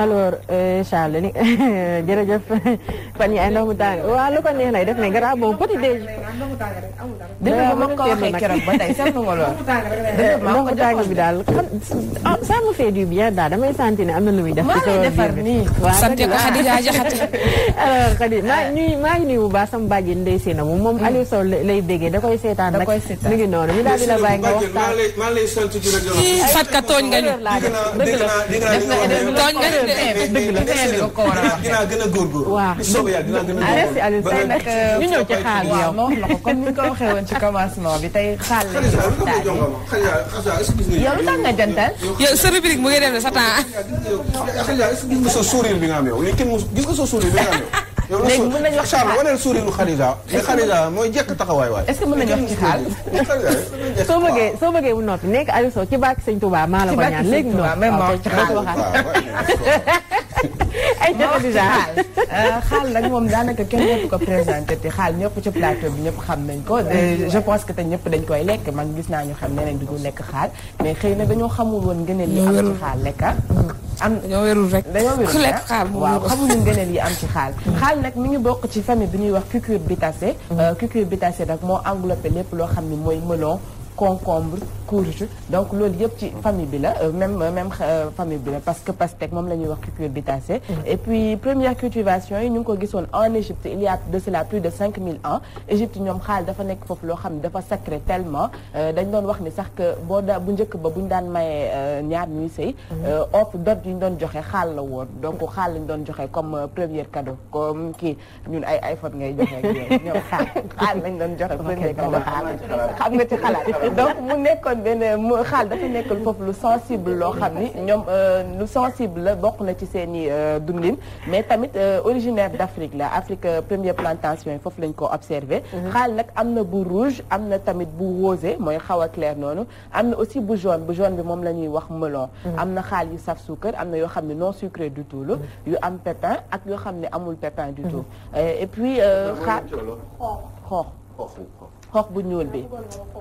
alors euh, Charles ni jërëjëf fan yi ay ndox mu tàng waaw lu ko neex lay def mais garab moom petit déj. dina ma ko waxee keroog ba tey seetlu nga lool. ndox mu tàng bi daal ah, ça me fait du bien daal damay sentir ne am na lu muy def. ci kaw defar nii sant ko Khadija Jaxate alors Khadija maa ngi maa ngi nuyu bu baax sama bàjjen Ndeye Sina moom moom mm. Aliou Sow lay déggee da koy seetaan nag. da koy seetaan mi ngi noonu mi daal di la bàyyi nga waxtaan. Fatka tooñ nga ñu. dëgg la dëgg la def na tooñ nga ñu. dëgg la dëgg la ko war a wax dinaa gën a góorgóorlu. waaw dëgg la nag ñu ñëw ci xaal bi yow. wax na ko comme ni ko ci commencement bi tey xaal la ñu ko daal yow lu tax nga jantal. yow sa mu ngi dem ne sa temps. xëy na est-ce que gis nga sa sourire bi nga am léegi mën nañu wax ci xaal waneel sourire lu Khadija mais mooy jekk taxawaay waay est-ce que mën nañu wax ci xaal soo bëggee soo bëggee mu noppi nekk Aliou Sow ci bàkki sëñ Touba maa la ko ñaan léegi mu noppi même ci xaal ay Khadija euh, xaal nag moom daanaka kenn ñëpp ko présenté te xaal ñëpp ci plateau bi ñëpp xam nañ ko euh, je pense que te ñëpp dañ koy lekk mag gis naa ñu xam ne ne duñu lekk xaal mais xëy na dañoo xamul woon ngëneel li am ci xaal lekka ah. mm. am dañoo wérul rek dañoo wérul ku lekk ah? xaal waaw xamuñu yi am ci xaal xaal nag mi ngi bokk ci famille bi ñuy wax cucurbitacée mm-hmm. euh, cucurbitacée rek moo englobé lépp loo xam ni mooy melon concombre courge donc loolu yëpp ci famille bi la euh, même euh, même euh, famille bi la parce que pastèque moom la ñuy wax cucurbitacée mm-hmm. et puis première cultivation yi ñu ngi ko gisoon en Égypte il y a de cela plus de 5000 ans Égypte ñoom xaal dafa nekk foofu loo xam ne dafa sacré tellement dañ doon wax ni sax que boo da bu njëkk ba bu ñu daan maye ñaar ñuy sëy mm-hmm. offre dot yi ñu doon joxe xaal la woon donc xaal lañ doon joxe comme première cadeau comme kii ñun ay iPhone ngay joxe ak yooyu ñoom xaal donc mu nekkoon benn xaal dafa nekk lu lu sensible loo xam ni ñoom euh, lu sensible la bokk na ci seen i euh, dundin mais tamit euh, originaire d'Afrique la Afrique première plantation yi foofu lañ ko observé mhm. xaal nag am na bu rouge am na tamit bu rosé mooy xaw a clair noonu am na aussi bu jaune bu jaune bi moom la ñuy wax melon mhm. am na xaal yu saf suukar am na yoo xam ne non sucré du tout la mhm. yu am pépin ak yoo xam ne amul pépin du tout et puis xaal xoox xoox bu ñuul bi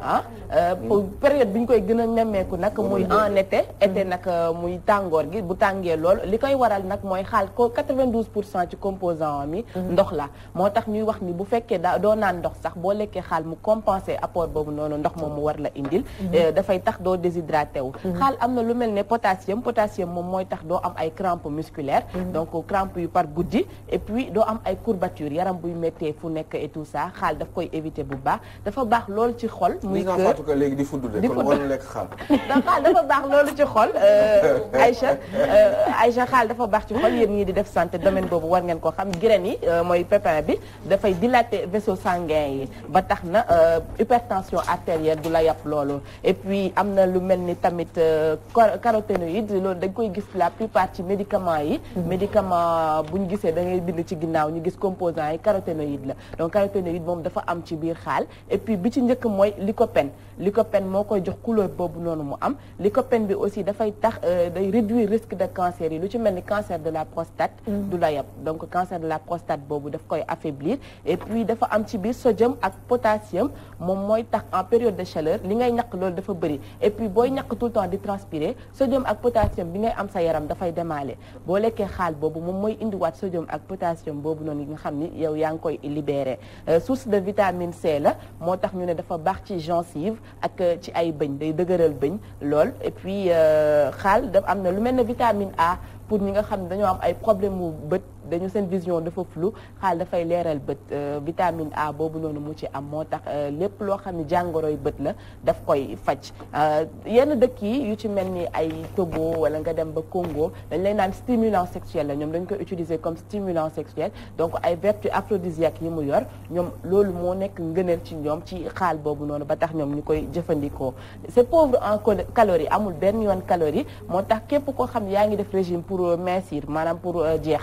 ah euh, période bi ñu koy gën a nemmeeku nag muy en été été nag euh, muy tàngoor gi bu tàngee lool li koy waral nag mooy xaal ko 92 pour cent ci composant mi mhm. ndox la moo tax ñuy wax ni bu fekkee da doo naan ndox sax boo lekkee xaal mu compenser apport boobu noonu ndox moom mu war la indil mhm. euh, dafay tax doo déshydraté wu mhm. xaal am na lu mel ne potassium potassium moom mooy tax doo am ay crampes musculaires donc crampes yu par guddi et puis doo am ay courbatures yaram buy méttee fu nekk et tout xaal daf koy éviter bu baax dafa baax loolu ci xol. muy kër li nga léegi di fudd de kon war na lekk xaal. dafa baax loolu ci xol euh, Aïcha euh, Aïcha xaal dafa baax ci xol yéen ñii di def santé domaine boobu war ngeen ko xam graine yi euh, mooy pépin bi dafay dilater vaisseau sanguin yi ba tax na hypertension artérielle du la yàpp loolu et puis am na lu mel ni tamit caroténoïde loolu dañ koy gis la plus part ci mm-hmm. médicament yi. médicament bu ñu gisee dangay bind ci ginnaaw ñu gis composants yi caroténoïde la donc caroténoïde moom dafa am ci biir xaal. et puis bi ci njëkk mooy lycopène lycopène moo koy jox couleur boobu noonu mu am li lycopène bi aussi dafay tax euh, day réduire risque de cancer yi lu ci mel ni cancer de la prostate mm. du la yab donc cancer de la prostate boobu daf koy affaiblir et puis dafa am ci biir sodium ak potassium moom mooy tax en période de chaleur li ngay ñàkk loolu dafa bëri et booy ñàkk tout le temps di transpirer sodium ak potassium bi ngay am sa yaram dafay démaale boo lekkee xaal boobu moom mooy indiwaat sodium ak potassium boobu noonu yi nga xam ni yow yaa ngi koy libéré euh, source de vitamine C la moo tax ñu ne dafa baax ci gencive ak euh, ci ay bëñ day dëgëral bëñ lool et puis euh, xaal daf am na lu mel ne vitamine A pour ñi nga xam ne dañoo am ay problème mu bët dañu seen vision dafa flou xaal dafay leeral bët euh, vitamine A boobu noonu mu ci am moo tax euh, lépp loo xam ne jàngoroy bët la daf koy faj euh, yenn dëkk yi yu ci mel ni ay Togo wala nga dem ba kongoo dañ lay naan stimulant sexuel la ñoom dañ koy utiliser comme stimulant sexuel donc ay vertu aphrodisiaque yi mu yor ñoom loolu moo nekk ngëneel ci ñoom ci xaal boobu noonu ba tax ñoom ñu koy jëfandikoo c'est pauvre en calorie amul benn yoon calorie moo tax képp koo xam yaa ngi def régime pour mincir maanaam pour jeex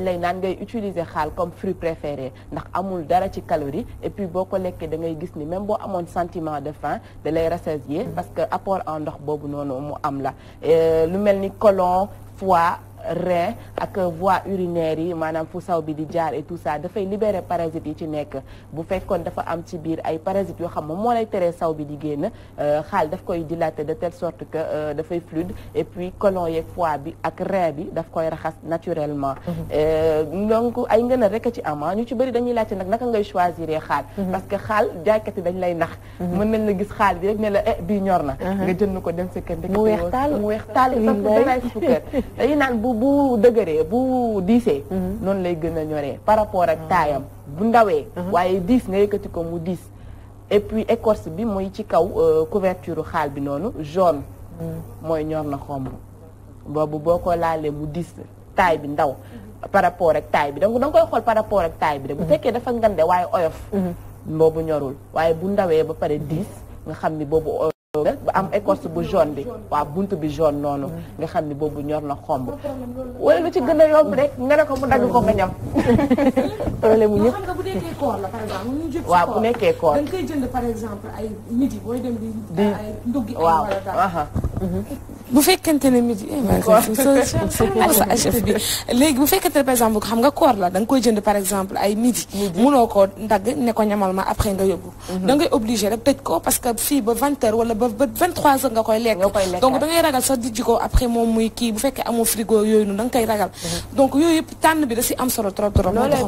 dañ lay naan ngay utiliser xaal comme fruit préféré ndax amul dara ci calorie et puis boo ko lekkee da ngay gis ni même boo amoon sentiment de faim da lay rassasier parce que apport en ndox boobu noonu mu am la euh, lu mel ni colon foie rein ak voie urinaire yi maanaam fu saw bi di jaar et tout ça dafay libérer parasites yi ci nekk bu fekkoon dafa am ci biir ay parasites yoo xam moom moo lay teree saw bi di génn euh, xaal daf koy dilater de telle sort que euh, dafay fluide et puis colon yeeg foie bi ak rein bi daf koy raxas naturellement mhm. euh, donc ay ngën a rek a ci ama ah, ñu ci bëri dañuy laajte nag naka ngay choisir xaal mhm. parce que xaal jaaykat yi dañ lay nax mhm. mën nañ la gis xaal bi rek ne la eh, ñor na nga jënd ko dem sa mu weex taal mu weex taal dañuy naan bu dëgëree bu diisee mhm. noonu lay gën a ñoree par rapport ak taayam mhm. bu ndawee mhm. waaye diis nga yëkkati ko mu diis et puis écorce bi mooy ci kaw euh, couverture xaal bi noonu jaune mooy ñor na xomb boobu boo ko laalee mu diis taay bi ndaw par rapport ak taay bi donc da koy xool par rapport ak taay bi rek bu fekkee dafa ngande waaye oyof boobu ñorul waaye bu ndawee ba pare diis nga xam ni boobu toog ba am écorce bu jaune bi waaw bunt bi jaune noonu mm. nga xam ni boobu ñor na xomb wala lu ci gën a yomb rek nga ne ko mu dagg ko nga ñam problème mu ñëpp xam nga bu nekkee koor la par exemple ñu jëm waaw bu nekkee koor da nga koy jënd par waaw bu fekkente ne midi. léegi bu fekkente ne par exemple xam nga koor la da nga koy jënd par exemple ay midi. munoo ko ndagg ne ko ñamal ma après nga yóbbu. Mhm. da ngay obligé rek tëj ko parce que fii ba wala ba ba vingt trois heures nga koy lekk. ragal sax di après moom muy kii bu fekkee amoo frigo yooyu noonu da ragal. Mhm. donc yooyu yëpp tànn bi da am solo trop trop. moo tax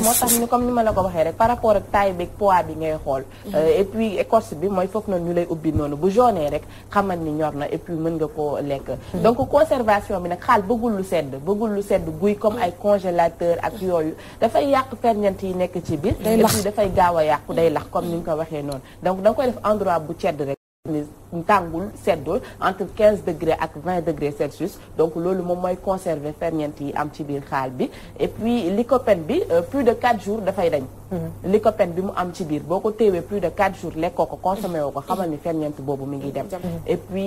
moo tax ni comme ni ma la ko waxee rek par rapport ak taille bi poids bi ngay xool. Mhm. Euh, et écorce bi mooy foog na ñu lay ubbi noonu bu jaune rek xamal ni ñor na et puis koo lekk donc conservation bi nag xaal bëggul lu sedd bëggul lu sedd guy comme ay congélateur ak yooyu dafay yàq ferñeent yi nekk ci biir et puis dafay gaaw a yàqu day lax comme ni nga ko waxee noonu donc da def endroit bu cedd rek tàngul seddul entre 15 degré ak 20 degré Celsius donc loolu moom mooy conserver ferñeent yi am ci biir xaal bi et puis bi euh, plus de 4 jours dafay dañ mm-hmm. lycopène bi mu am ci biir boo ko téewee plus de 4 jours lekkoo ko consommé woo ko xamal ni ferñeent boobu ngi dem mm-hmm. Mm-hmm.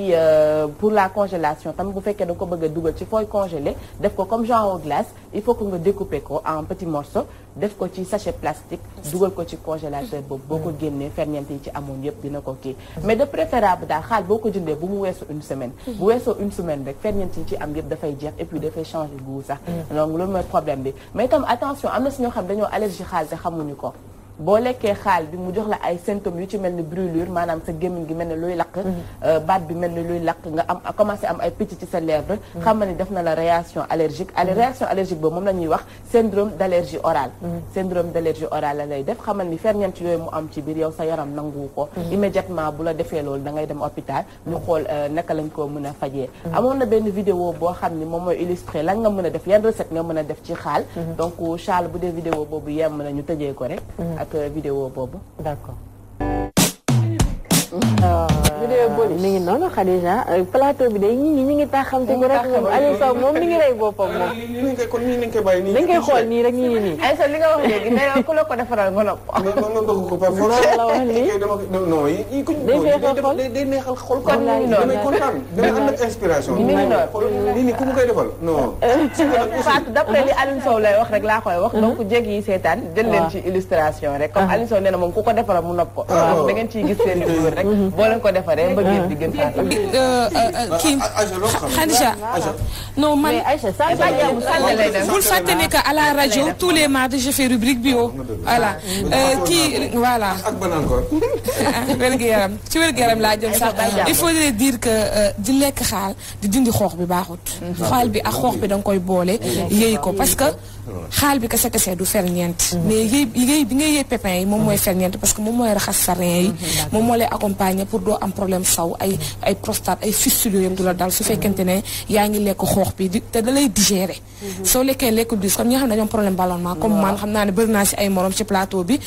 et euh, la congélation tamit bu fekkee da ko bëgg a dugal ci fooy congelé def ko comme genre glace il faut que nga découper ko en petits morceaux def ko ci sachet plastique dugal ko ci congélateur boobu boo ko génnee ferñeent yi ci amoon yëpp dina ko kii mais de préférable daal xaal boo ko jëndee bu mu weesoo une semaine mm-hmm. bu weesoo une semaine rek ferñeent yi ci am yëpp dafay jeex et puis dafay changer goût sax mm-hmm. donc loolu mooy problème bi mais itam attention am na si ñoo xam dañoo allergie xaalis xamuñu ko boo lekkee xaal bi mu jox la ay symptômes yu ci mel ni brûlure maanaam sa gémmiñ gi mel ni luy lakk mhm. euh, baat bi mel ni luy lakk nga am commencé am ay picc ci sa lèvre mhm. xam nga ni def na la réaction allergique allez mhm. réaction allergique boobu moom la ñuy wax syndrome d'allergie orale syndrome d'allergie orale la lay def xamal ni ferñeent yooyu mu am ci biir yow sa yaram nangu ko immédiatement bu la defee loolu dangay dem hôpital ñu xool euh, naka lañ koo mën a fajee amoon na benn vidéo boo xam ni moom mooy illustré lan nga mën a def yan recette nga mën a def ci xaal donc xaal bu dee vidéo boobu yem na ñu tëjee ko rek ak euh, vidéo boobu d'accord ah. mi ngi noonu Khadija euh, plateau bi day ñi ñi ñi ngi taxam te ñu rek moom Aliou ngi rey boppam moom nii dañ koy xool nii rek ñii nii nii li nga wax léegi nee ku la ko defaral nga nopp nga dogg ko parce que la wax nii non yi kuñ day neexal xol kon damay kontaan damay am nag inspiration mi ngi ku mu koy defal non Fatou d'après li Aliou lay wax rek laa koy wax uh-huh. donc jéeg yi seetaan jël leen ci illustration rek comme uh-huh. Aliou Sow moom ku ko defaral mu nopp ko ah, da ngeen ciy gis seen rek uh-huh. boo leen ko defal pare mbëggeel bi gën a. kii Khadija. non man bul fàtte ne que à la rajo tous les mardis je fais rubrique bio ah, voilà kii ah, euh, voilà. Ah, ak ban encore. wérgu yaram ci wérgu yaram laa jëm dire que euh, di lekk xaal di dindi xoox bi baaxut. Mm-hmm. xaal bi ak xoox bi da koy boole mm-hmm. yëy parce que. xaal bi kese kese du ferñeent mais yëy yëy bi ngay yëy pépins yi moom mooy ferñeent parce que moom mooy raxas sa rein yi mhm, moom moo lay accompagner pour doo am problème saw ay ay prostate ay fistule yooyu du la dal su mhm. fekkente ne yaa ngi lekk xoox bi te da lay mhm. soo lekkee lekk dus comme ñi xam ne dañoo am problème ballonnement comme man xam naa ne bëri si ay morom ci plateau bi